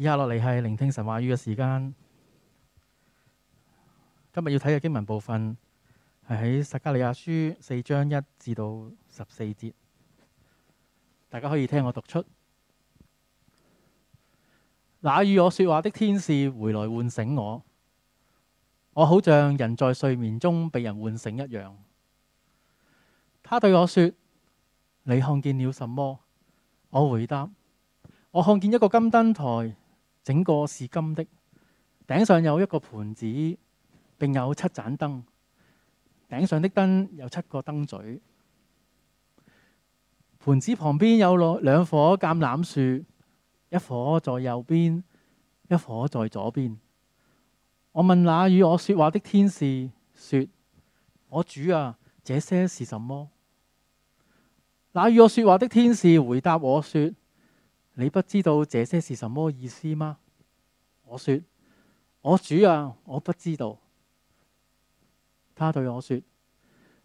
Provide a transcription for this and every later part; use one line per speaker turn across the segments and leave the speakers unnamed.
以下落嚟係聆聽神話語嘅時間。今日要睇嘅經文部分係喺撒迦利亞書四章一至到十四節，大家可以聽我讀出。那與我說話的天使回來喚醒我，我好像人在睡眠中被人喚醒一樣。他對我說：你看見了什麼？我回答：我看見一個金燈台。整個是金的，頂上有一個盤子，並有七盞燈。頂上的燈有七個燈嘴，盤子旁邊有兩兩棵橄欖樹，一棵在右邊，一棵在左邊。我問那與我說話的天使，說，我主啊，這些是什麼？那與我說話的天使回答我說。你不知道這些是什麼意思嗎？我說，我主啊，我不知道。他對我說：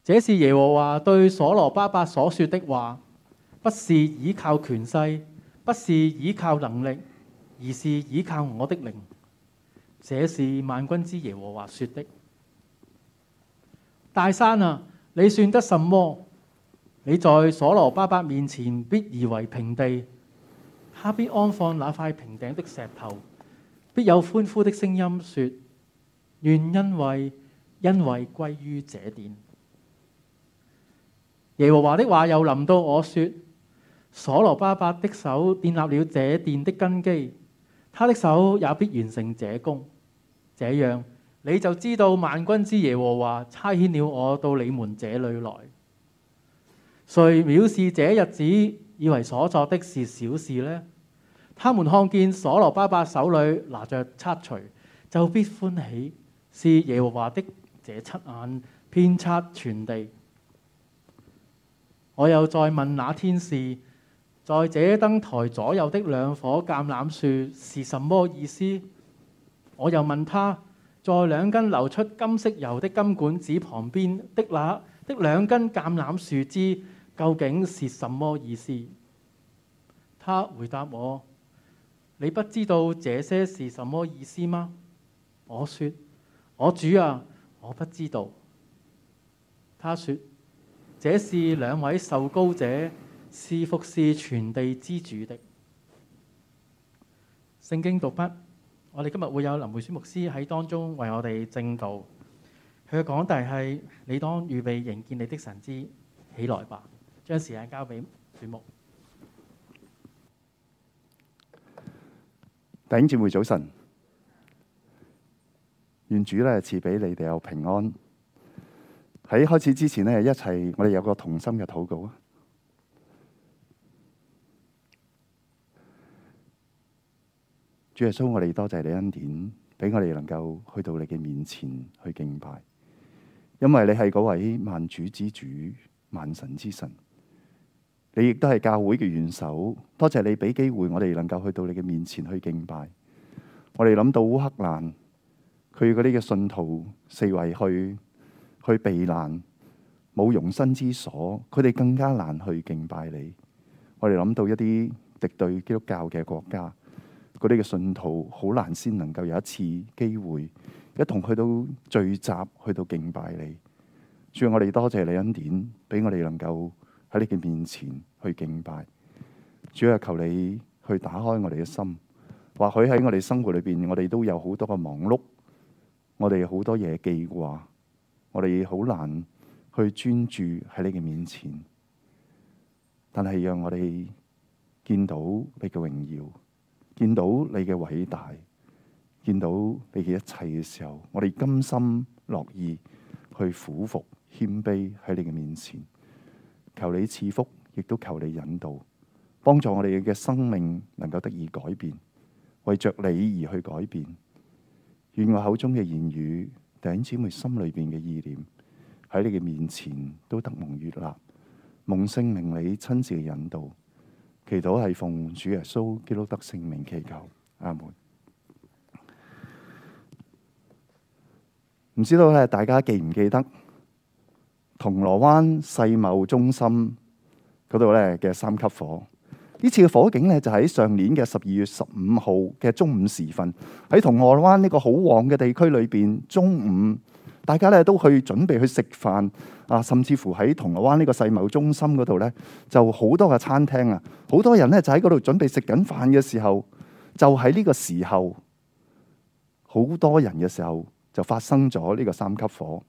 這是耶和華對所羅巴伯所說的話，不是倚靠權勢，不是倚靠能力，而是倚靠我的靈。這是萬軍之耶和華說的。大山啊，你算得什麼？你在所羅巴伯面前必夷為平地。他必安放那塊平頂的石頭，必有歡呼的聲音說：願因為因為歸於這殿。耶和華的話又臨到我說：所羅巴伯，伯的手建立了這殿的根基，他的手也必完成這工。這樣你就知道萬軍之耶和華差遣了我到你們這裏來。誰藐視這日子，以為所作的是小事呢？他們看見所羅巴伯手裏拿着鉛錘，就必歡喜，是耶和華的這七眼遍察全地。我又再問那天使，在這燈台左右的兩棵橄欖樹是什麼意思？我又問他，在兩根流出金色油的金管子旁邊的那的兩根橄欖樹枝究竟是什麼意思？他回答我。你不知道這些是什麼意思嗎？我說，我主啊，我不知道。他說，這是兩位受膏者，是服侍全地之主的。聖經讀畢，我哋今日會有林梅雪牧師喺當中為我哋證道。佢講，題係你當預備迎見你的神之起來吧，將時間交俾書牧。
弟兄姊妹早晨，願主呢賜俾你哋又平安。喺開始之前呢，一齊我哋有一個同心嘅禱告啊！主耶穌，我哋多謝你恩典，俾我哋能夠去到你嘅面前去敬拜，因為你係嗰位萬主之主、萬神之神。你亦都係教會嘅元首，多謝你俾機會我哋能夠去到你嘅面前去敬拜。我哋諗到烏克蘭，佢嗰啲嘅信徒四圍去去避難，冇容身之所，佢哋更加難去敬拜你。我哋諗到一啲敵對基督教嘅國家，嗰啲嘅信徒好難先能夠有一次機會一同去到聚集去到敬拜你。主，我哋多謝你恩典，俾我哋能夠，喺你嘅面前去敬拜，主要係求你去打開我哋嘅心。或許喺我哋生活裏邊，我哋都有好多嘅忙碌，我哋好多嘢記掛，我哋好難去專注喺你嘅面前。但係讓我哋見到你嘅榮耀，見到你嘅偉大，見到你嘅一切嘅時候，我哋甘心樂意去俯伏謙卑喺你嘅面前。求你賜福，亦都求你引導，幫助我哋嘅生命能夠得以改變，為着你而去改變。願我口中嘅言語，弟兄姊妹心裏邊嘅意念，喺你嘅面前都得蒙悅納，蒙聖明你親自嘅引導。祈禱係奉主耶穌基督嘅聖名祈求，阿門。唔知道咧，大家記唔記得？銅鑼灣世貿中心嗰度咧嘅三級火，呢次嘅火警咧就喺上年嘅十二月十五號嘅中午時分，喺銅鑼灣呢個好旺嘅地區裏邊，中午大家咧都去準備去食飯啊，甚至乎喺銅鑼灣呢個世貿中心嗰度呢，就好多嘅餐廳啊，好多人咧就喺嗰度準備食緊飯嘅時候，就喺呢個時候，好多人嘅時候就發生咗呢個三級火。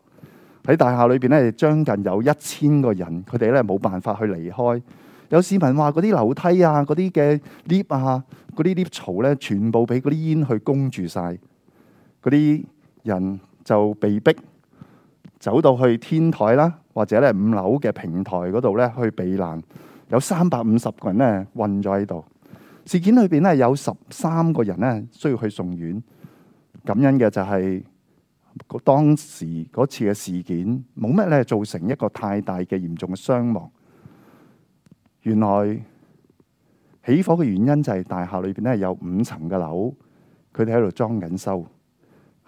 喺大廈裏邊咧，將近有一千個人，佢哋咧冇辦法去離開。有市民話：嗰啲樓梯啊、嗰啲嘅 lift 啊、嗰啲 lift 槽咧，全部俾嗰啲煙去供住晒。嗰啲人就被逼走到去天台啦，或者咧五樓嘅平台嗰度咧去避難。有三百五十個人咧困咗喺度。事件裏邊咧有十三個人咧需要去送院。感恩嘅就係、是。嗰當時嗰次嘅事件冇乜咧，造成一個太大嘅嚴重嘅傷亡。原來起火嘅原因就係大廈裏邊咧有五層嘅樓，佢哋喺度裝緊修，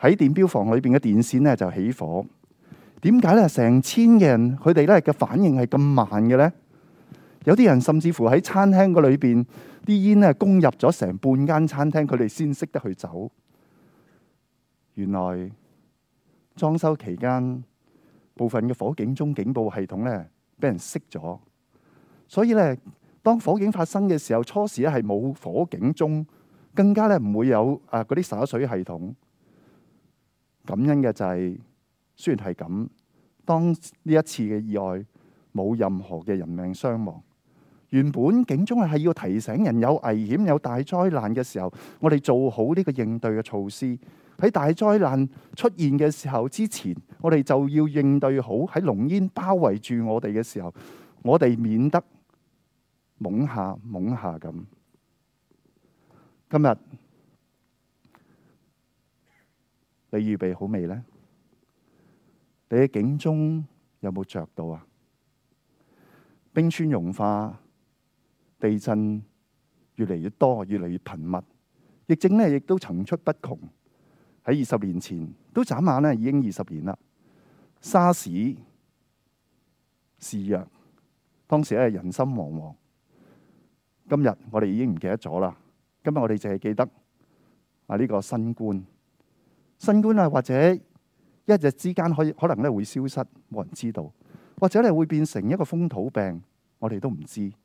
喺電錶房裏邊嘅電線呢就起火。點解咧？成千嘅人佢哋咧嘅反應係咁慢嘅呢？有啲人甚至乎喺餐廳嗰裏邊，啲煙咧攻入咗成半間餐廳，佢哋先識得去走。原來，裝修期間，部分嘅火警鐘警報系統咧，俾人熄咗，所以咧，當火警發生嘅時候，初時咧係冇火警鐘，更加咧唔會有啊嗰啲灑水系統。感恩嘅就係，雖然係咁，當呢一次嘅意外冇任何嘅人命傷亡，原本警鐘係要提醒人有危險、有大災難嘅時候，我哋做好呢個應對嘅措施。喺大災難出現嘅時候之前，我哋就要應對好。喺濃煙包圍住我哋嘅時候，我哋免得懵下懵下咁。今日你預備好未呢？你嘅警鐘有冇着到啊？冰川融化、地震越嚟越多，越嚟越頻密，疫症呢亦都層出不窮。喺二十年前都眨眼咧，已經二十年啦。沙士肆虐，當時咧人心惶惶。今日我哋已經唔記得咗啦。今日我哋淨係記得啊呢個新冠，新冠啊或者一日之間可以可能咧會消失，冇人知道，或者咧會變成一個風土病，我哋都唔知道。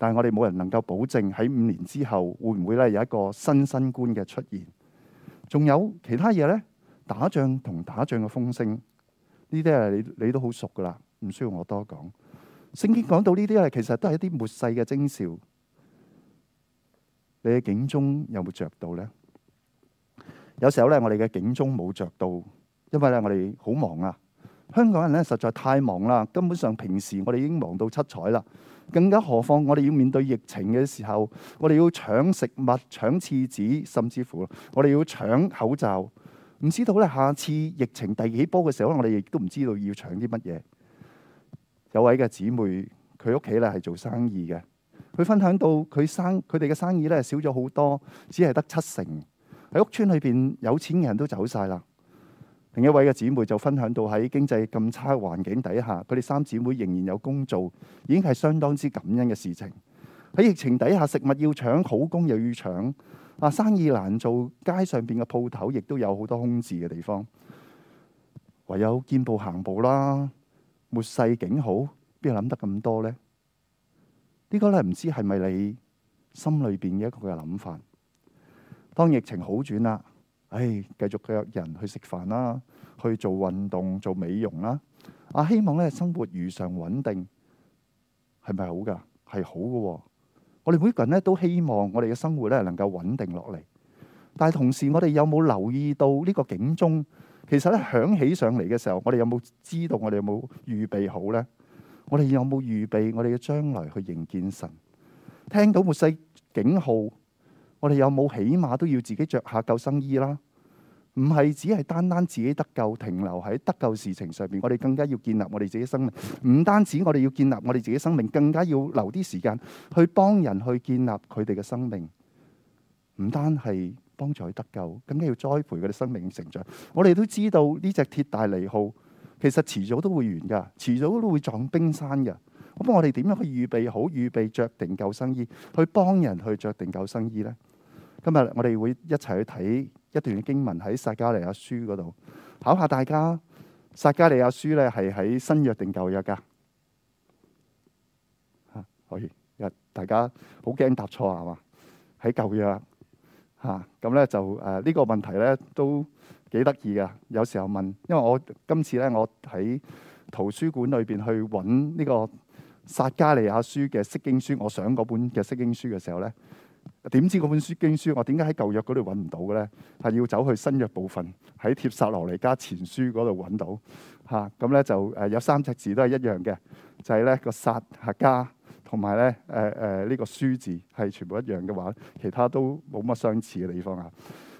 但係我哋冇人能夠保證喺五年之後會唔會咧有一個新新冠嘅出現。仲有其他嘢呢，打仗同打仗嘅風聲，呢啲係你你都好熟噶啦，唔需要我多講。聖經講到呢啲係其實都係一啲末世嘅徵兆，你嘅警鐘有冇著到呢？有時候呢，我哋嘅警鐘冇著到，因為呢我哋好忙啊。香港人呢實在太忙啦，根本上平時我哋已經忙到七彩啦。更加何況，我哋要面對疫情嘅時候，我哋要搶食物、搶廁紙，甚至乎我哋要搶口罩。唔知道咧，下次疫情第幾波嘅時候，我哋亦都唔知道要搶啲乜嘢。有位嘅姊妹，佢屋企咧係做生意嘅，佢分享到佢生佢哋嘅生意咧少咗好多，只係得七成，喺屋村裏邊有錢嘅人都走晒啦。另一位嘅姊妹就分享到喺經濟咁差環境底下，佢哋三姊妹仍然有工做，已經係相當之感恩嘅事情。喺疫情底下，食物要搶，好工又要搶，啊生意難做，街上邊嘅鋪頭亦都有好多空置嘅地方。唯有見步行步啦，末世景好，邊度諗得咁多呢？呢個咧唔知係咪你心裏邊嘅一個諗法？當疫情好轉啦。唉，繼續約人去食飯啦，去做運動、做美容啦。啊，希望咧生活如常穩定，係咪好噶？係好噶，哦。我哋每個人咧都希望我哋嘅生活咧能夠穩定落嚟。但係同時，我哋有冇留意到呢個警鐘？其實咧響起上嚟嘅時候，我哋有冇知道？我哋有冇預備好呢？我哋有冇預備我哋嘅將來去迎見神？聽到末世警號。我哋有冇起碼都要自己着下救生衣啦？唔係只係單單自己得救，停留喺得救事情上面。我哋更加要建立我哋自己的生命。唔單止我哋要建立我哋自己的生命，更加要留啲時間去幫人去建立佢哋嘅生命。唔單係幫助佢得救，更加要栽培佢哋生命成長。我哋都知道呢隻鐵達尼號，其實遲早都會完噶，遲早都會撞冰山噶。咁我哋點樣去預備好，預備着定救生衣去幫人去着定救生衣呢？今日我哋會一齊去睇一段經文喺撒迦利亞書嗰度，考下大家。撒迦利亞書咧係喺新約定舊約噶，嚇可以。大家好驚答錯啊嘛，喺舊約嚇。咁咧就誒呢、呃這個問題咧都幾得意噶。有時候問，因為我今次咧我喺圖書館裏邊去揾呢個撒迦利亞書嘅釋經書，我想嗰本嘅釋經書嘅時候咧。點知嗰本書經書，我點解喺舊約嗰度揾唔到嘅咧？係要走去新約部分，喺帖撒羅尼迦前書嗰度揾到嚇。咁、啊、咧就誒、呃、有三隻字都係一樣嘅，就係、是、咧個撒啊迦同埋咧誒誒呢、呃呃這個書字係全部一樣嘅話，其他都冇乜相似嘅地方啊。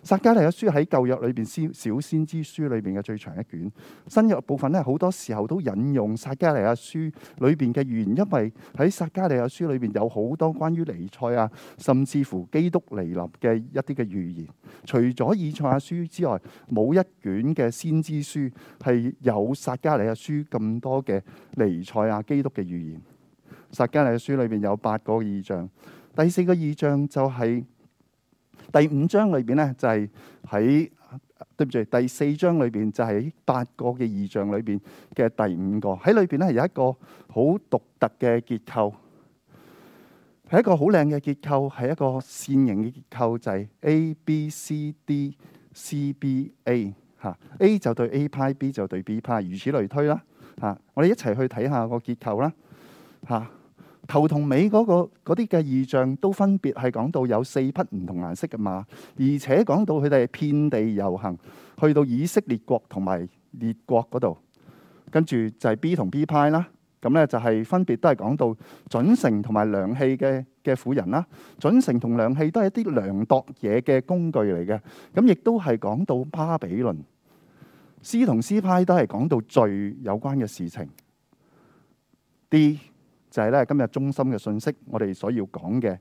撒迦利亞書喺舊約裏邊先小先知書裏邊嘅最長一卷，新約部分咧，好多時候都引用撒迦利亞書裏邊嘅預言，因爲喺撒迦利亞書裏邊有好多關於彌賽亞，甚至乎基督彌立嘅一啲嘅預言。除咗以賽亞書之外，冇一卷嘅先知書係有撒迦利亞書咁多嘅彌賽亞基督嘅預言。撒迦利亞書裏邊有八個異象，第四個異象就係、是。第五章裏邊咧，就係喺，對唔住，第四章裏邊就係八個嘅異象裏邊嘅第五個。喺裏邊咧，係有一個好獨特嘅結構，係一個好靚嘅結構，係一個線形嘅結構，就係、是、A、B、C、D、C、B、A 嚇，A 就對 A 派，B 就對 B 派，如此類推啦嚇。我哋一齊去睇下個結構啦嚇。頭同尾嗰個嗰啲嘅異象都分別係講到有四匹唔同顏色嘅馬，而且講到佢哋係遍地遊行，去到以色列國同埋列國嗰度。跟住就係 B 同 B 派啦，咁咧就係分別都係講到準繩同埋量器嘅嘅婦人啦。準繩同量器都係一啲量度嘢嘅工具嚟嘅，咁亦都係講到巴比倫。C 同 C 派都係講到罪有關嘅事情。D 就係咧，今日中心嘅信息，我哋所要講嘅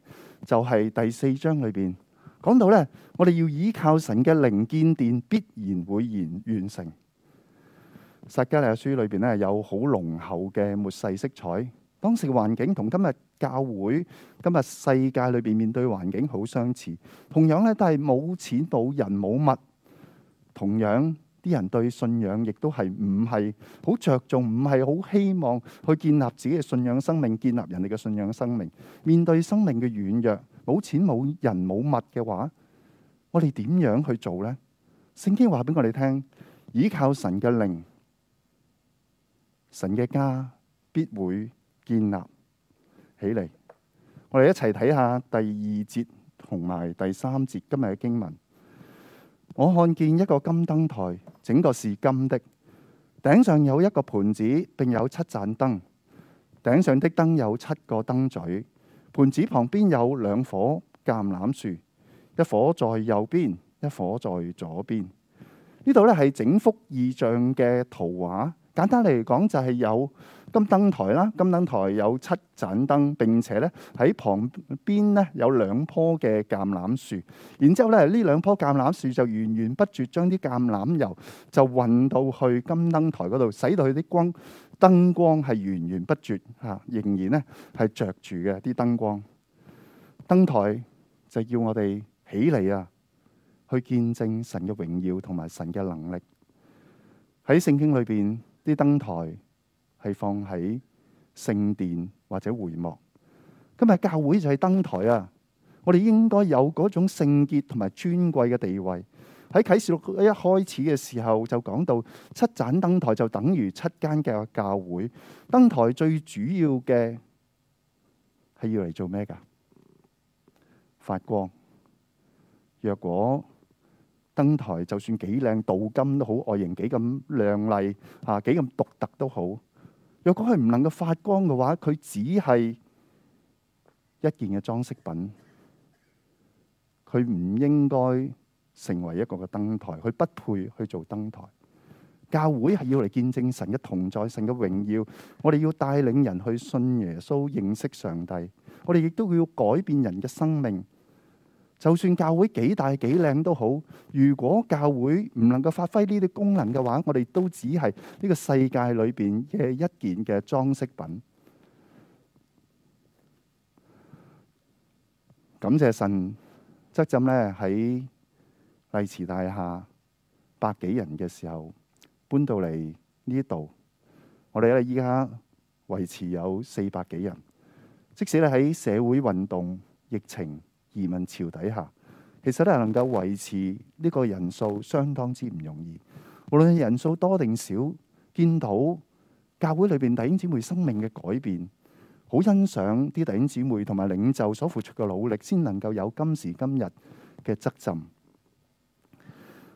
就係第四章裏邊講到咧，我哋要依靠神嘅靈建殿，必然會完完成。撒迦利亞書裏邊咧有好濃厚嘅末世色彩，當時嘅環境同今日教會、今日世界裏邊面對環境好相似，同樣咧都係冇錢、冇人、冇物，同樣。啲人對信仰亦都係唔係好着重，唔係好希望去建立自己嘅信仰生命，建立人哋嘅信仰生命。面對生命嘅軟弱，冇錢冇人冇物嘅話，我哋點樣去做呢？聖經話俾我哋聽，倚靠神嘅靈，神嘅家必會建立起嚟。我哋一齊睇下第二節同埋第三節今日嘅經文。我看見一個金燈台，整個是金的。頂上有一個盤子，並有七盞燈。頂上的燈有七個燈嘴。盤子旁邊有兩棵橄欖樹，一棵在右邊，一棵在左邊。呢度咧係整幅異象嘅圖畫。簡單嚟講就係有金燈台啦，金燈台有七盞燈，並且咧喺旁邊咧有兩棵嘅橄欖樹，然之後咧呢兩棵橄欖樹就源源不絕將啲橄欖油就運到去金燈台嗰度，使到佢啲光燈光係源源不絕吓，仍然咧係着住嘅啲燈光。燈台就要我哋起嚟啊，去見證神嘅榮耀同埋神嘅能力喺聖經裏面。啲燈台係放喺聖殿或者會幕。今日教會就係燈台啊！我哋應該有嗰種聖潔同埋尊貴嘅地位。喺啟示錄一開始嘅時候就講到七盞燈台就等於七間嘅教會。燈台最主要嘅係要嚟做咩㗎？發光。若果燈台就算幾靚，鍍金都好，外形幾咁靚麗啊，幾咁獨特都好。若果佢唔能夠發光嘅話，佢只係一件嘅裝飾品。佢唔應該成為一個嘅燈台，佢不配去做燈台。教會係要嚟見證神嘅同在，神嘅榮耀。我哋要帶領人去信耶穌，認識上帝。我哋亦都要改變人嘅生命。就算教會幾大幾移民潮底下，其實都係能夠維持呢個人數相當之唔容易。無論係人數多定少，見到教會裏邊弟兄姊妹生命嘅改變，好欣賞啲弟兄姊妹同埋領袖所付出嘅努力，先能夠有今時今日嘅責任。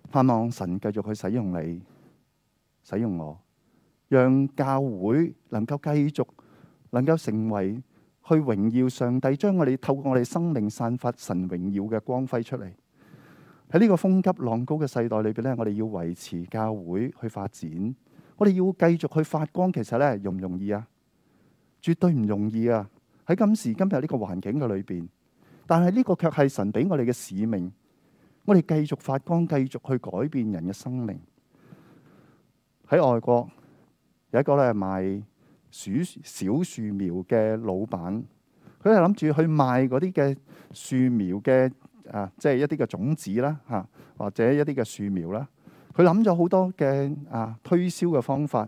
盼望神繼續去使用你，使用我，讓教會能夠繼續，能夠成為。去榮耀上帝，將我哋透過我哋生命散發神榮耀嘅光輝出嚟。喺呢個風急浪高嘅世代裏邊呢，我哋要維持教會去發展，我哋要繼續去發光。其實呢，容唔容易啊？絕對唔容易啊！喺今時今日呢個環境嘅裏邊，但係呢個卻係神俾我哋嘅使命。我哋繼續發光，繼續去改變人嘅生命。喺外國有一個咧賣樹小樹苗嘅老闆，佢係諗住去賣嗰啲嘅樹苗嘅啊，即係一啲嘅種子啦嚇，或者一啲嘅樹苗啦。佢諗咗好多嘅啊推銷嘅方法。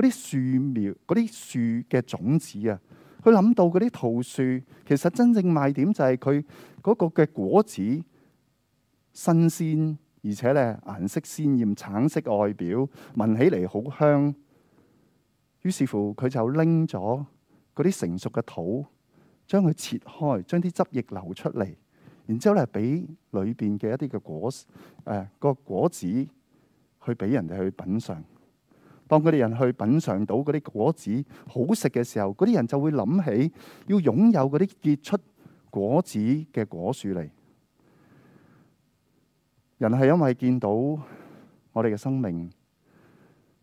嗰啲樹苗，嗰啲樹嘅種子啊，佢諗到嗰啲桃樹，其實真正賣點就係佢嗰個嘅果子新鮮，而且咧顏色鮮豔，橙色外表，聞起嚟好香。於是乎，佢就拎咗嗰啲成熟嘅土，將佢切開，將啲汁液流出嚟，然之後咧俾裏邊嘅一啲嘅果，誒、呃那個果子去俾人哋去品嘗。當嗰啲人去品嘗到嗰啲果子好食嘅時候，嗰啲人就會諗起要擁有嗰啲結出果子嘅果樹嚟。人係因為見到我哋嘅生命，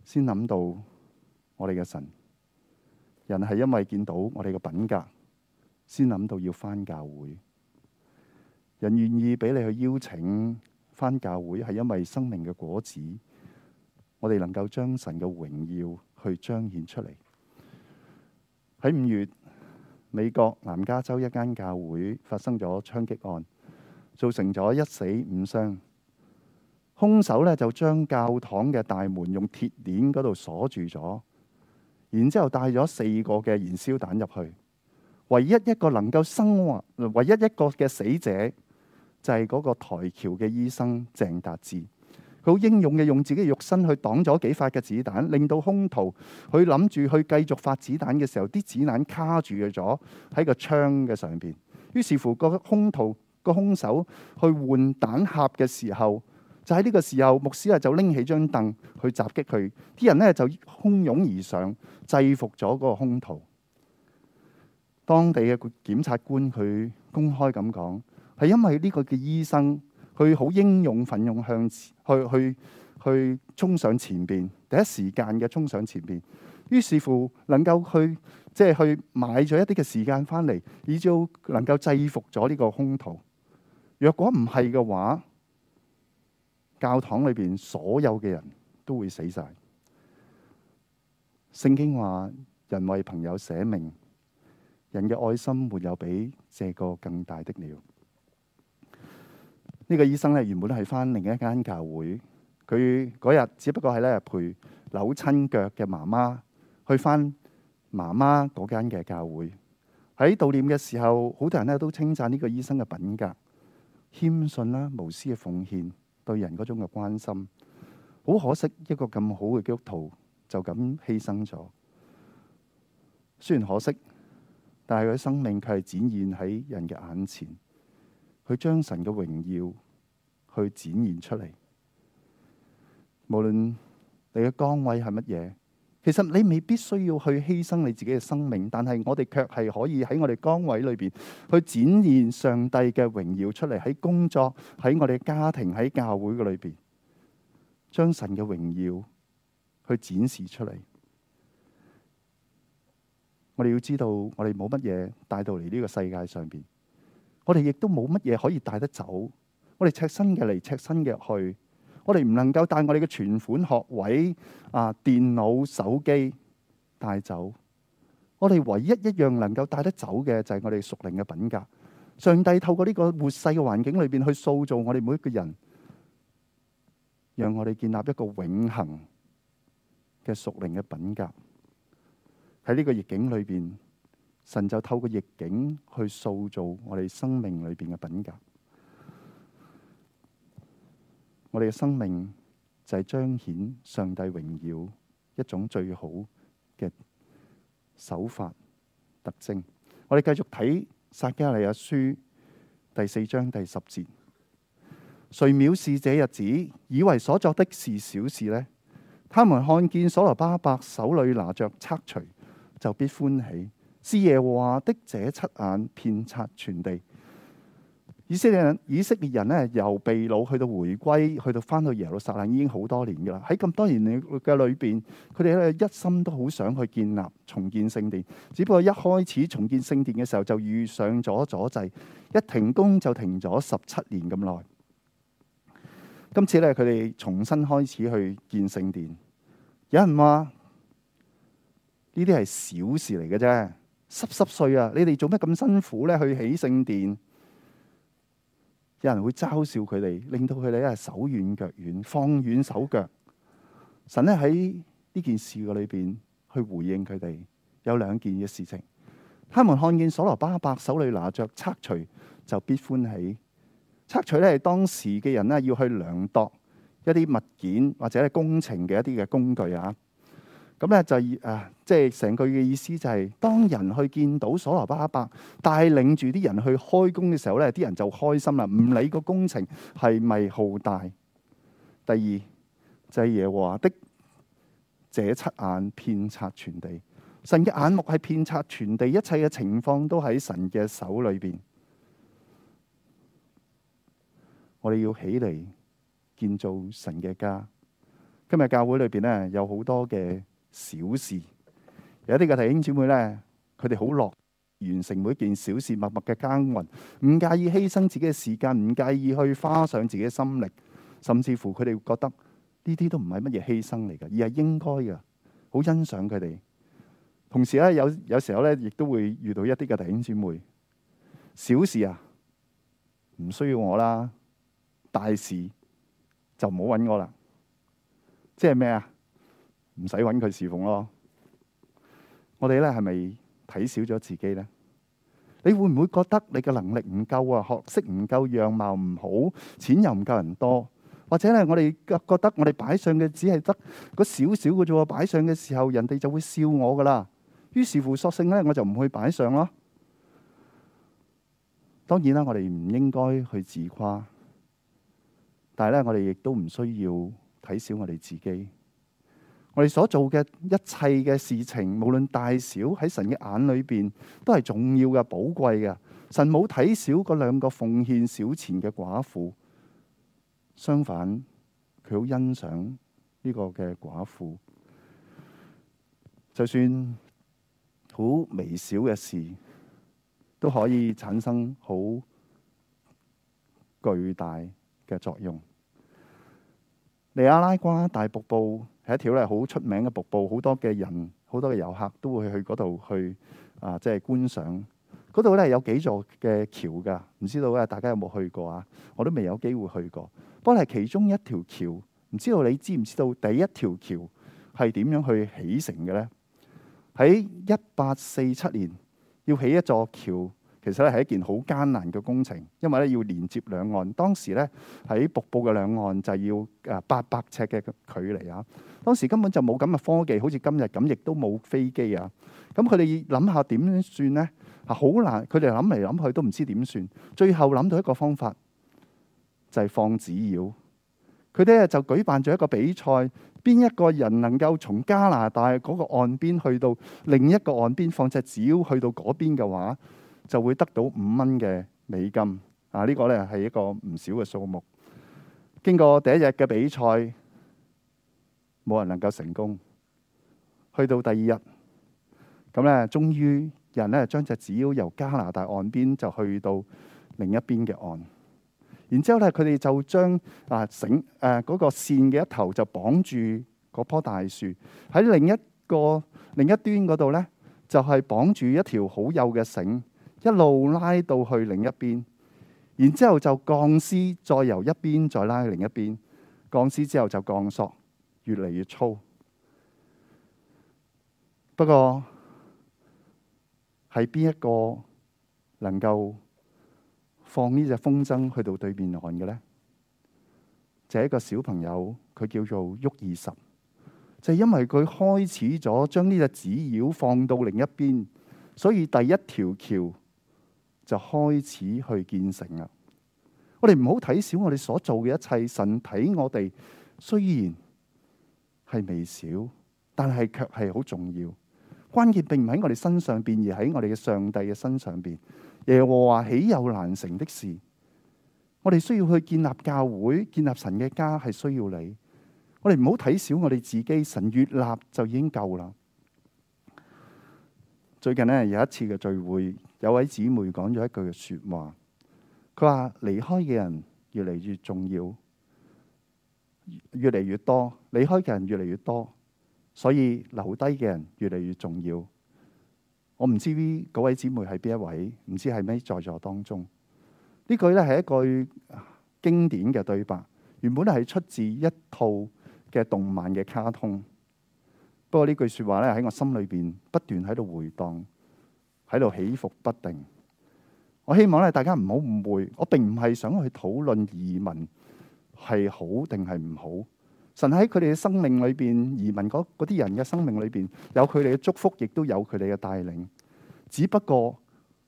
先諗到我哋嘅神；人係因為見到我哋嘅品格，先諗到要返教會。人願意俾你去邀請返教會，係因為生命嘅果子。我哋能夠將神嘅榮耀去彰顯出嚟。喺五月，美國南加州一間教會發生咗槍擊案，造成咗一死五傷。兇手呢就將教堂嘅大門用鐵鏈嗰度鎖住咗，然之後帶咗四個嘅燃燒彈入去。唯一一個能夠生還，唯一一個嘅死者就係嗰個台橋嘅醫生鄭達志，好英勇嘅，用自己嘅肉身去擋咗幾發嘅子彈，令到兇徒佢諗住去繼續發子彈嘅時候，啲子彈卡住咗喺個窗嘅上邊。於是乎個，個兇徒個兇手去換彈匣嘅時候，就喺、是、呢個時候，牧師啊就拎起張凳去襲擊佢，啲人咧就洶湧而上，制服咗嗰個兇徒。當地嘅檢察官佢公開咁講，係因為呢個嘅醫生。佢好英勇奮勇向前，去去去衝上前邊，第一時間嘅衝上前邊，於是乎能夠去即係去買咗一啲嘅時間返嚟，以至能夠制服咗呢個兇徒。若果唔係嘅話，教堂裏邊所有嘅人都會死晒。聖經話：人為朋友捨命，人嘅愛心沒有比這個更大的了。呢、這個醫生咧原本係翻另一間教會，佢嗰日只不過係咧陪扭親腳嘅媽媽去翻媽媽嗰間嘅教會。喺悼念嘅時候，好多人咧都稱讚呢個醫生嘅品格，謙遜啦、無私嘅奉獻，對人嗰種嘅關心。好可惜，一個咁好嘅基督徒就咁犧牲咗。雖然可惜，但係佢生命卻係展現喺人嘅眼前。去將神嘅榮耀去展現出嚟，無論你嘅崗位係乜嘢，其實你未必需要去犧牲你自己嘅生命，但係我哋卻係可以喺我哋崗位裏邊去展現上帝嘅榮耀出嚟，喺工作、喺我哋家庭、喺教會嘅裏邊，將神嘅榮耀去展示出嚟。我哋要知道，我哋冇乜嘢帶到嚟呢個世界上邊。我哋亦都冇乜嘢可以帶得走，我哋赤身嘅嚟，赤身嘅去，我哋唔能夠帶我哋嘅存款、學位、啊電腦、手機帶走。我哋唯一一樣能夠帶得走嘅就係我哋屬靈嘅品格。上帝透過呢個活世嘅環境裏邊去塑造我哋每一個人，讓我哋建立一個永恆嘅屬靈嘅品格。喺呢個逆境裏邊。神就透過逆境去塑造我哋生命裏邊嘅品格。我哋嘅生命就係彰顯上帝榮耀一種最好嘅手法特徵。我哋繼續睇撒迦利亞書第四章第十節，誰藐視這日子，以為所作的是小事呢？他們看見所羅巴伯手裏拿着測錘，就必歡喜。是耶和華的這七眼遍察全地。以色列人以色列人咧由被擄去到回歸，去到返到耶路撒冷已經好多年噶啦。喺咁多年嘅裏邊，佢哋咧一心都好想去建立重建聖殿，只不過一開始重建聖殿嘅時候就遇上咗阻滯，一停工就停咗十七年咁耐。今次咧佢哋重新開始去建聖殿，有人話呢啲係小事嚟嘅啫。濕濕碎啊！你哋做咩咁辛苦呢？去起聖殿，有人會嘲笑佢哋，令到佢哋咧手軟腳軟，放軟手腳。神咧喺呢件事嘅裏邊去回應佢哋，有兩件嘅事情。他們看見所羅巴伯手裏拿着測錘，就必歡喜。測錘呢係當時嘅人啊，要去量度一啲物件或者係工程嘅一啲嘅工具啊。咁咧就即係成句嘅意思就係、是，當人去見到所羅巴阿伯，伯帶領住啲人去開工嘅時候咧，啲人就開心啦。唔理個工程係咪浩大。第二就係、是、耶華的這七眼騙拆全地，神嘅眼目係騙拆全地一切嘅情況都，都喺神嘅手裏邊，我哋要起嚟建造神嘅家。今日教會裏面呢，有好多嘅。小事，有啲嘅弟兄姊妹呢，佢哋好樂完成每一件小事，默默嘅耕耘，唔介意犧牲自己嘅時間，唔介意去花上自己嘅心力，甚至乎佢哋覺得呢啲都唔係乜嘢犧牲嚟嘅，而係應該嘅，好欣賞佢哋。同時咧，有有時候呢，亦都會遇到一啲嘅弟兄姊妹，小事啊，唔需要我啦，大事就唔好揾我啦，即係咩啊？唔使搵佢侍奉咯，我哋呢係咪睇少咗自己呢？你會唔會覺得你嘅能力唔夠啊？學識唔夠，樣貌唔好，錢又唔夠人多，或者呢我哋覺得我哋擺上嘅只係得個少少嘅啫，擺上嘅時候人哋就會笑我噶啦。於是乎，索性呢我就唔去擺上咯。當然啦，我哋唔應該去自誇，但係呢我哋亦都唔需要睇小我哋自己。我哋所做嘅一切嘅事情，無論大小，喺神嘅眼裏邊都係重要嘅、寶貴嘅。神冇睇小嗰兩個奉獻小錢嘅寡婦，相反佢好欣賞呢個嘅寡婦。就算好微小嘅事，都可以產生好巨大嘅作用。尼阿拉瓜大瀑布，係一條咧好出名嘅瀑布，好多嘅人、好多嘅遊客都會去嗰度去啊，即係觀賞。嗰度咧有幾座嘅橋㗎，唔知道咧大家有冇去過啊？我都未有機會去過。不過係其中一條橋，唔知道你知唔知道第一條橋係點樣去起成嘅咧？喺一八四七年要起一座橋。其實咧係一件好艱難嘅工程，因為咧要連接兩岸。當時咧喺瀑布嘅兩岸就係要誒八百尺嘅距離啊。當時根本就冇咁嘅科技，好似今日咁，亦都冇飛機啊。咁佢哋諗下點算咧？啊，好難！佢哋諗嚟諗去都唔知點算。最後諗到一個方法，就係放紙鷂。佢哋就舉辦咗一個比賽，邊一個人能夠從加拿大嗰個岸邊去到另一個岸邊，放隻紙鷂去到嗰邊嘅話，就會得到五蚊嘅美金啊！呢個咧係一個唔少嘅數目。經過第一日嘅比賽，冇人能夠成功。去到第二日，咁咧，終於人咧將隻紙鷂由加拿大岸邊就去到另一邊嘅岸。然之後咧，佢哋就將啊繩誒嗰個線嘅一頭就綁住嗰棵大樹喺另一個另一端嗰度咧，就係綁住一條好幼嘅繩。一路拉到去另一邊，然之後就鋼絲，再由一邊再拉去另一邊，鋼絲之後就鋼索，越嚟越粗。不過喺邊一個能夠放呢隻風箏去到對面岸嘅呢？就是、一個小朋友，佢叫做沃爾什，就是、因為佢開始咗將呢隻紙鷂放到另一邊，所以第一條橋。就開始去建成啦！我哋唔好睇小我哋所做嘅一切，神睇我哋雖然係微小，但係卻係好重要。關鍵並唔喺我哋身上邊，而喺我哋嘅上帝嘅身上邊。耶和華豈有難成的事？我哋需要去建立教會、建立神嘅家，係需要你。我哋唔好睇小我哋自己，神越立就已經夠啦。最近咧有一次嘅聚會，有位姊妹講咗一句説話，佢話離開嘅人越嚟越重要，越嚟越多離開嘅人越嚟越多，所以留低嘅人越嚟越重要。我唔知呢嗰位姊妹係邊一位，唔知係咪在座當中？呢句咧係一句經典嘅對白，原本係出自一套嘅動漫嘅卡通。不過，呢句說話咧喺我心裏邊不斷喺度迴盪，喺度起伏不定。我希望咧大家唔好誤會，我並唔係想去討論移民係好定係唔好。神喺佢哋嘅生命裏面，移民嗰啲人嘅生命裏面,有佢哋嘅祝福亦都有佢哋嘅帶領。只不過，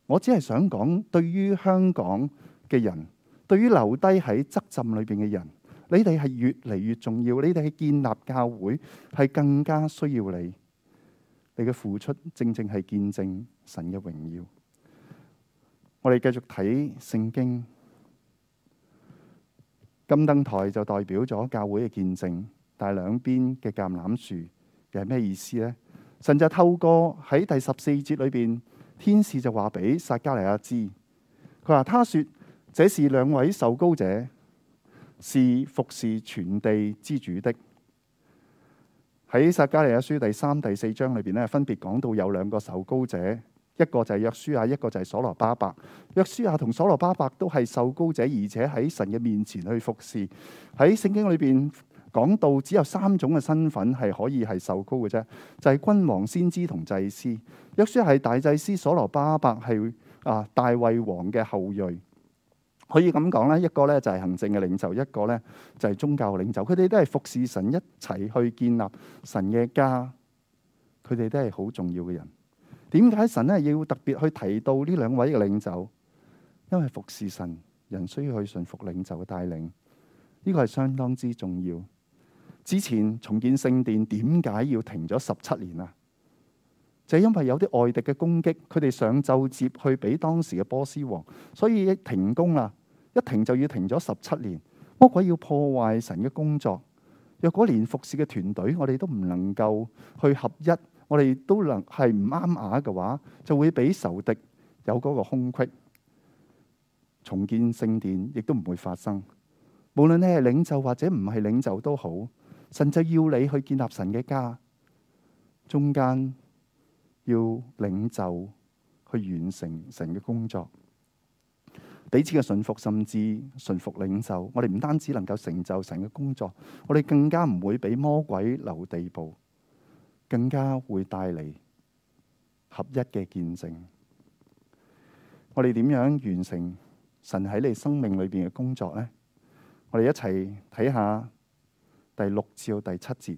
我只係想講對於香港嘅人,對於留低喺執浸裏面嘅人,你哋係越嚟越重要，你哋係建立教會係更加需要你。你嘅付出正正係見證神嘅榮耀。我哋繼續睇聖經，金燈台就代表咗教會嘅見證，但係兩邊嘅橄欖樹又係咩意思呢？神就透過喺第十四節裏邊，天使就話俾撒迦利亞知，佢話他說，這是兩位受膏者。是服侍全地之主的。喺撒迦利亞書第三、第四章裏邊咧，分別講到有兩個受膏者，一個就係約書亞，一個就係所羅巴伯。約書亞同所羅巴伯都係受膏者，而且喺神嘅面前去服侍。喺聖經裏邊講到，只有三種嘅身份係可以係受膏嘅啫，就係、是、君王、先知同祭司。約書亞係大祭司，所羅巴伯係啊大衛王嘅後裔。可以咁講咧，一個咧就係行政嘅領袖，一個咧就係宗教領袖。佢哋都係服侍神，一齊去建立神嘅家。佢哋都係好重要嘅人。點解神咧要特別去提到呢兩位嘅領袖？因為服侍神，人需要去順服領袖嘅帶領。呢個係相當之重要。之前重建聖殿點解要停咗十七年啊？就係因為有啲外敵嘅攻擊，佢哋上奏摺去俾當時嘅波斯王，所以停工啦。一停就要停咗十七年，魔鬼要破壞神嘅工作。若果連服侍嘅團隊，我哋都唔能夠去合一，我哋都能係唔啱牙嘅話，就會俾仇敵有嗰個空隙，重建聖殿亦都唔會發生。無論你係領袖或者唔係領袖都好，神就要你去建立神嘅家。中間要領袖去完成神嘅工作。彼此嘅順服，甚至順服領袖，我哋唔單止能夠成就神嘅工作，我哋更加唔會俾魔鬼留地步，更加會帶嚟合一嘅見證。我哋點樣完成神喺你生命裏邊嘅工作咧？我哋一齊睇下第六至到第七節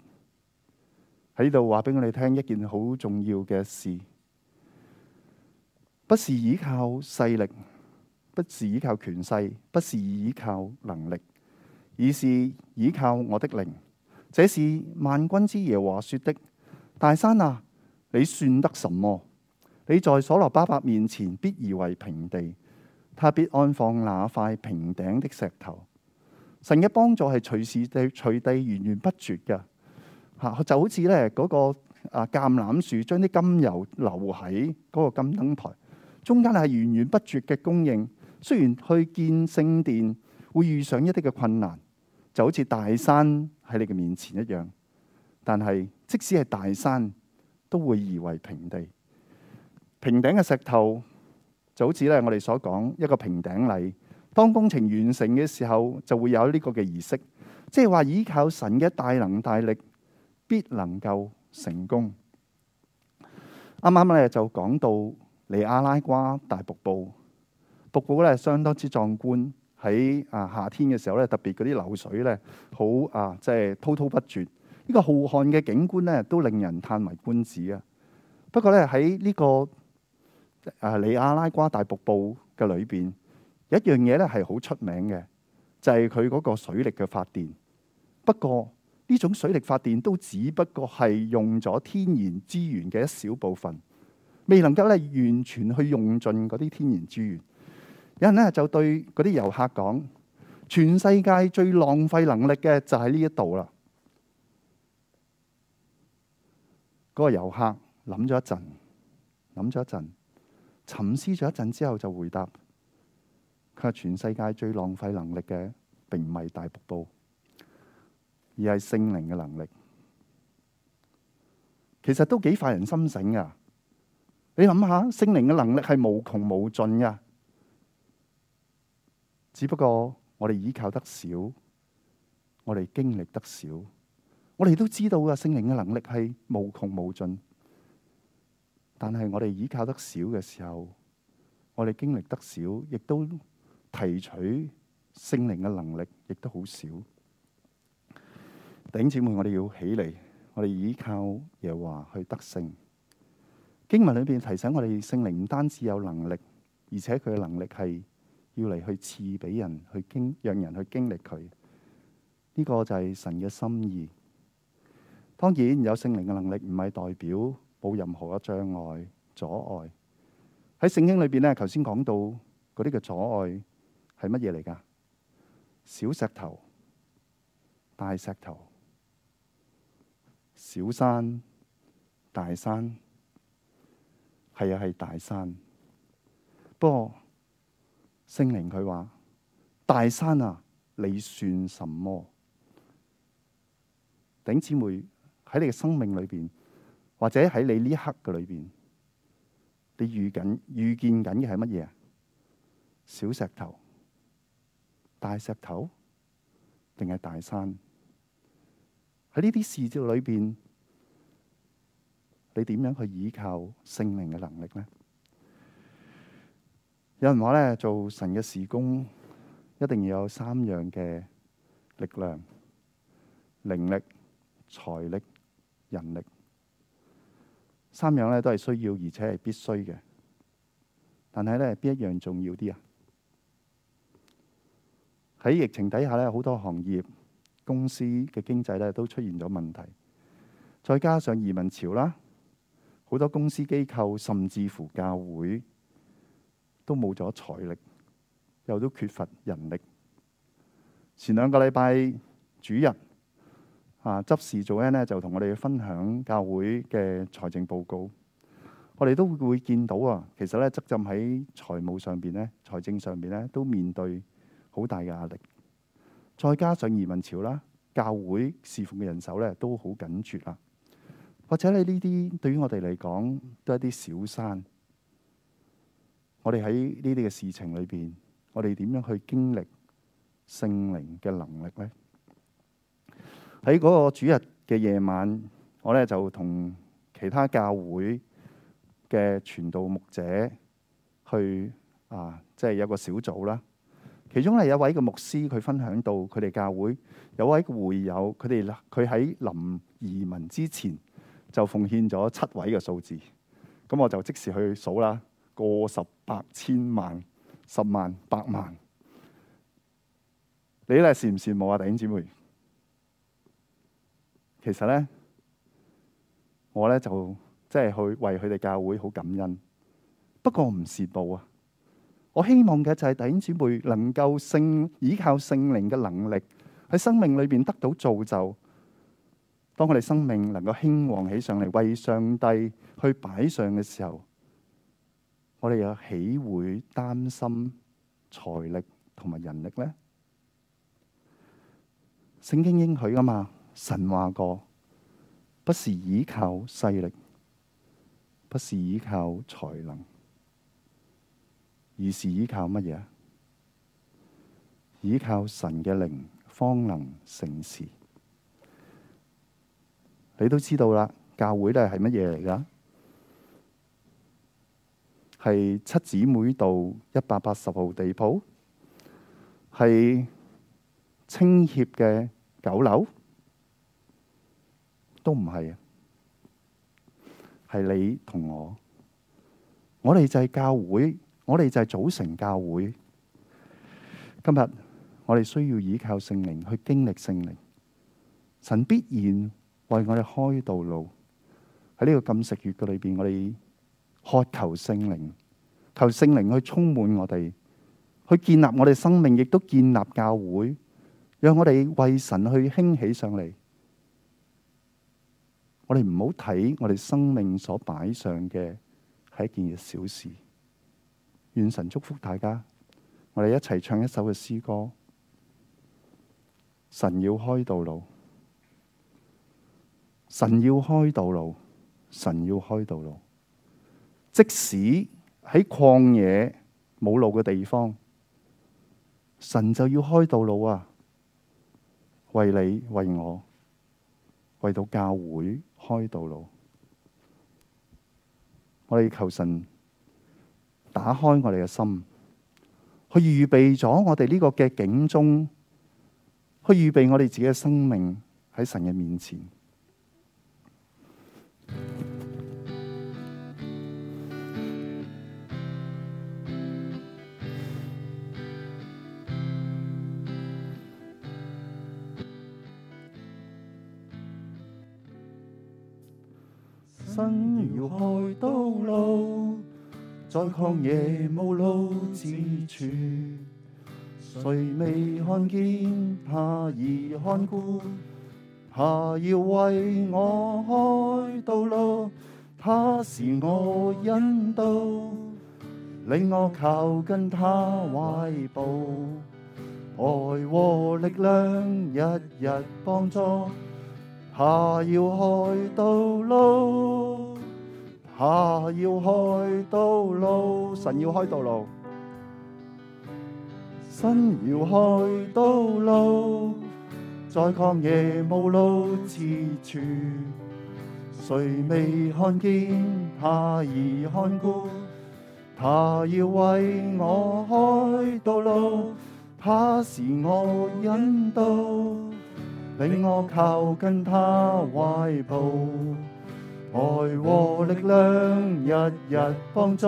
喺度話俾我哋聽一件好重要嘅事，不是依靠勢力。不是依靠權勢，不是依靠能力，而是依靠我的靈。這是萬軍之耶和華說的：大山啊，你算得什麼？你在所羅巴伯面前必夷為平地，他必安放那塊平頂的石頭。神嘅幫助係隨時地隨地源源不絕嘅，吓就好似呢嗰個啊橄欖樹將啲甘油留喺嗰個金燈台中間係源源不絕嘅供應。雖然去建聖殿會遇上一啲嘅困難，就好似大山喺你嘅面前一樣，但係即使係大山，都會夷為平地。平頂嘅石頭，就好似咧我哋所講一個平頂禮。當工程完成嘅時候，就會有呢個嘅儀式，即係話依靠神嘅大能大力，必能夠成功。啱啱咧就講到尼阿拉瓜大瀑布。瀑布咧，相當之壯觀，喺啊夏天嘅時候咧，特別嗰啲流水咧好啊，即係滔滔不絕。呢個浩瀚嘅景觀咧，都令人歎為觀止啊。不過咧，喺呢個啊里阿拉瓜大瀑布嘅裏邊，有一樣嘢咧係好出名嘅，就係佢嗰個水力嘅發電。不過呢種水力發電都只不過係用咗天然資源嘅一小部分，未能夠咧完全去用盡嗰啲天然資源。有人咧就對嗰啲遊客講，全世界最浪費能力嘅就喺呢一度啦。嗰個遊客諗咗一陣，諗咗一陣，沉思咗一陣之後就回答：佢話全世界最浪費能力嘅，並唔係大瀑布，而係聖靈嘅能力。其實都幾快人心醒啊！你諗下，聖靈嘅能力係無窮無盡噶。只不過我哋依靠得少，我哋經歷得少，我哋都知道啊，聖靈嘅能力係無窮無盡。但係我哋依靠得少嘅時候，我哋經歷得少，亦都提取聖靈嘅能力，亦都好少。弟兄姊妹，我哋要起嚟，我哋依靠耶華去得勝。經文裏邊提醒我哋，聖靈唔單止有能力，而且佢嘅能力係。要嚟去賜俾人去經，讓人去經歷佢，呢個就係神嘅心意。當然有聖靈嘅能力，唔係代表冇任何嘅障礙、阻礙。喺聖經裏邊呢，頭先講到嗰啲嘅阻礙係乜嘢嚟噶？小石頭、大石頭、小山、大山，係啊，係大山，不過。聖靈佢話：大山啊，你算什麼？頂姊妹，喺你嘅生命裏邊，或者喺你呢一刻嘅裏邊，你遇緊、遇見緊嘅係乜嘢啊？小石頭、大石頭，定係大山？喺呢啲事照裏邊，你點樣去依靠聖靈嘅能力呢？」有人話咧，做神嘅事工一定要有三樣嘅力量：靈力、財力、人力。三樣咧都係需要，而且係必須嘅。但係咧，邊一樣重要啲啊？喺疫情底下咧，好多行業、公司嘅經濟咧都出現咗問題。再加上移民潮啦，好多公司機構甚至乎教會，都冇咗財力，又都缺乏人力。前兩個禮拜，主任啊執事做咧就同我哋分享教會嘅財政報告。我哋都會見到啊，其實咧執浸喺財務上邊咧、財政上邊咧都面對好大嘅壓力。再加上移民潮啦，教會侍奉嘅人手咧都好緊缺啦。或者你呢啲對於我哋嚟講都係一啲小山。我哋喺呢啲嘅事情裏邊，我哋點樣去經歷聖靈嘅能力呢？喺嗰個主日嘅夜晚，我咧就同其他教會嘅傳道牧者去啊，即係有個小組啦。其中咧有位嘅牧師佢分享到，佢哋教會有一位嘅會友，佢哋佢喺臨移民之前就奉獻咗七位嘅數字。咁我就即時去數啦。過十百千萬十萬百萬，你咧羨唔羨慕啊？弟兄姊妹，其實咧，我咧就即係去為佢哋教會好感恩。不過唔羨慕啊！我希望嘅就係弟兄姊妹能夠信倚靠聖靈嘅能力，喺生命裏邊得到造就。當佢哋生命能夠興旺起上嚟，為上帝去擺上嘅時候。我哋又豈會擔心財力同埋人力呢？聖經應許噶嘛，神話過，不是依靠勢力，不是依靠才能，而是依靠乜嘢？依靠神嘅靈，方能成事。你都知道啦，教會都係乜嘢嚟噶係七姊妹道一百八十號地鋪，係青協嘅九樓，都唔係啊，係你同我。我哋就係教會，我哋就係組成教會。今日我哋需要依靠聖靈去經歷聖靈，神必然為我哋開道路。喺呢個禁食月嘅裏邊，我哋。渴求聖靈，求聖靈去充滿我哋，去建立我哋生命，亦都建立教會，讓我哋為神去興起上嚟。我哋唔好睇我哋生命所擺上嘅係一件嘢小事。願神祝福大家，我哋一齊唱一首嘅詩歌。神要開道路，神要開道路，神要開道路。即使喺曠野冇路嘅地方，神就要開道路啊！為你、為我、為到教會開道路。我哋求神打開我哋嘅心，去預備咗我哋呢個嘅警鐘，去預備我哋自己嘅生命喺神嘅面前。身要開道路，在曠野無路之處，誰未看見他已看顧，他要為我開道路，他是我引導，領我靠近他懷抱，愛和力量日日幫助。祂要開道路，祂要開道路，神要開道路。神要開道路，在曠野無路之處，誰未看見，祂已看顧。祂要為我開道路，祂是我引導。令我靠近他懷抱，愛和力量日日幫助。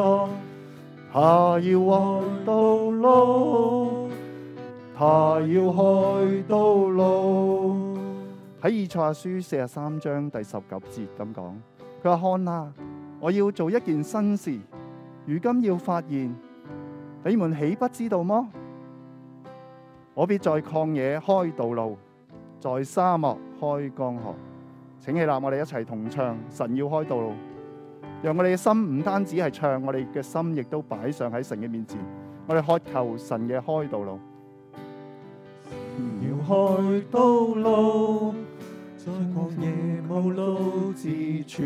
他要挖道路，他要開道路。喺《以賽亞書》四十三章第十九節咁講，佢話：看啦，我要做一件新事，如今要發現，你們豈不知道麼？我必在曠野開道路。在沙漠開江河。請起立，我哋一齊同唱：神要開道路。讓我哋嘅心唔單止係唱，我哋嘅心亦都擺上喺神嘅面前，我哋渴求神嘅開道路。要開道路，在曠野無路之處，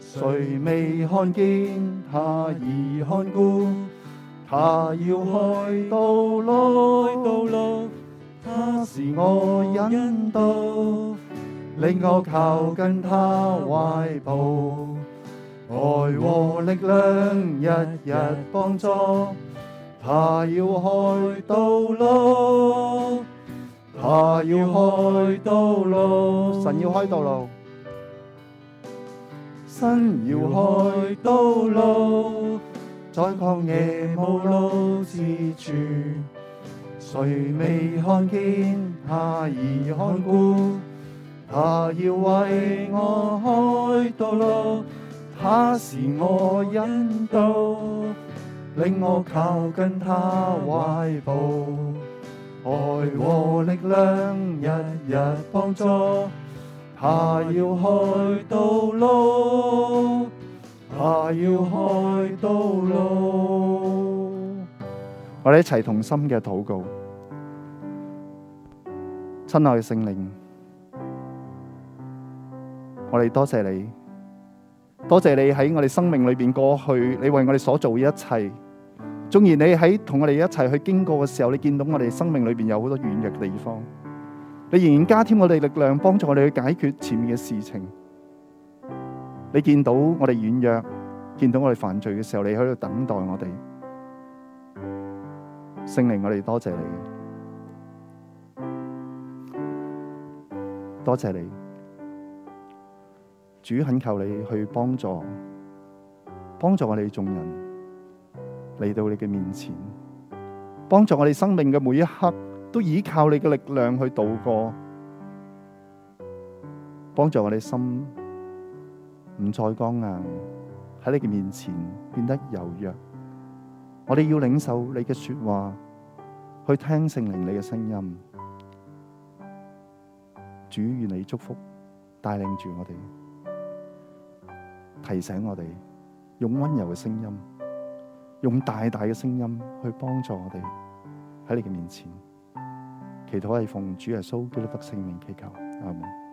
誰未看見，他已看顧他？要開道路，開道路。祂是我引導，令我靠近祂懷抱，愛和力量，日日幫助。祂要開道路，祂要開道路，神要開道路，神要開道路，在曠野無路之處。誰未看見他已看顧，他要為我開道路，他是我引導，令我靠近他懷抱，愛和力量日日幫助，他要開道路，他要開道路，我哋一齊同心嘅禱告。親愛嘅聖靈，我哋多謝你，多謝你喺我哋生命裏邊過去，你為我哋所做嘅一切，縱然你喺同我哋一齊去經過嘅時候，你見到我哋生命裏邊有好多軟弱嘅地方，你仍然加添我哋力量，幫助我哋去解決前面嘅事情。你見到我哋軟弱，見到我哋犯罪嘅時候，你喺度等待我哋。聖靈，我哋多謝你。多謝你，主，懇求你去幫助，幫助我哋眾人嚟到你嘅面前，幫助我哋生命嘅每一刻都依靠你嘅力量去度過，幫助我哋心唔再剛硬，喺你嘅面前變得柔弱。我哋要領受你嘅說話，去聽聖靈你嘅聲音。主願你祝福，帶領住我哋，提醒我哋用溫柔嘅聲音，用大大嘅聲音去幫助我哋喺你嘅面前祈禱，係奉主耶穌基督得聖名祈求，阿門。